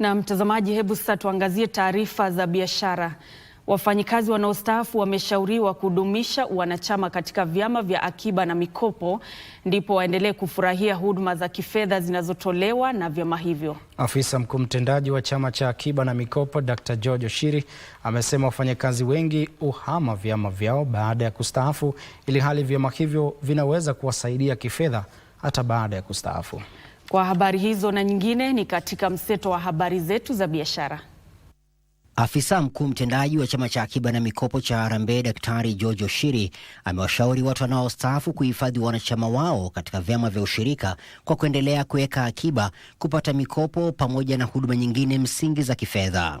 Na mtazamaji, hebu sasa tuangazie taarifa za biashara. Wafanyikazi wanaostaafu wameshauriwa kudumisha wanachama katika vyama vya akiba na mikopo, ndipo waendelee kufurahia huduma za kifedha zinazotolewa na vyama hivyo. Afisa mkuu mtendaji wa chama cha akiba na mikopo Dr. George Oshiri amesema wafanyakazi wengi uhama vyama vyao baada ya kustaafu, ili hali vyama hivyo vinaweza kuwasaidia kifedha hata baada ya kustaafu. Kwa habari hizo na nyingine ni katika mseto wa habari zetu za biashara. Afisa mkuu mtendaji wa chama cha akiba na mikopo cha Harambee Daktari George Oshiri amewashauri watu wanaostaafu kuhifadhi wanachama wao katika vyama vya ushirika kwa kuendelea kuweka akiba, kupata mikopo pamoja na huduma nyingine msingi za kifedha.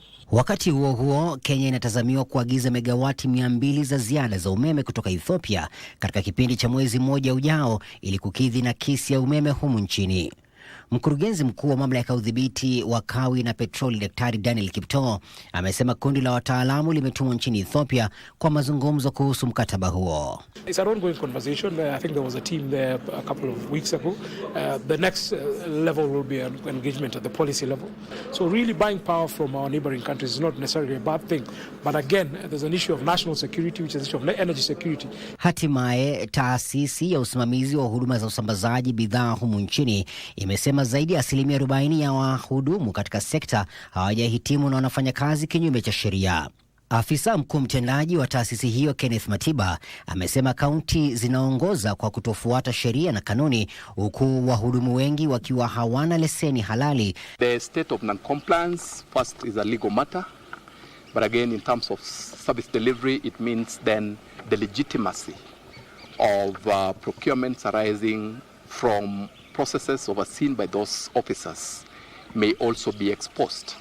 Wakati huo huo, Kenya inatazamiwa kuagiza megawati mia mbili za ziada za umeme kutoka Ethiopia katika kipindi cha mwezi mmoja ujao ili kukidhi nakisi ya umeme humu nchini. Mkurugenzi mkuu wa mamlaka ya udhibiti wa kawi na petroli Daktari Daniel kipto amesema kundi la wataalamu limetumwa nchini Ethiopia kwa mazungumzo kuhusu mkataba huo. Uh, uh, Hatimaye taasisi ya usimamizi wa huduma za usambazaji bidhaa humu nchini imesema amesema zaidi ya asilimia 40 ya wahudumu katika sekta hawajahitimu na wanafanya kazi kinyume cha sheria. Afisa mkuu mtendaji wa taasisi hiyo Kenneth Matiba amesema kaunti zinaongoza kwa kutofuata sheria na kanuni, huku wahudumu wengi wakiwa hawana leseni halali. The state of non-compliance first is a legal matter but again in terms of service delivery it means then the legitimacy of uh, procurements arising from processes overseen by those officers may also be exposed.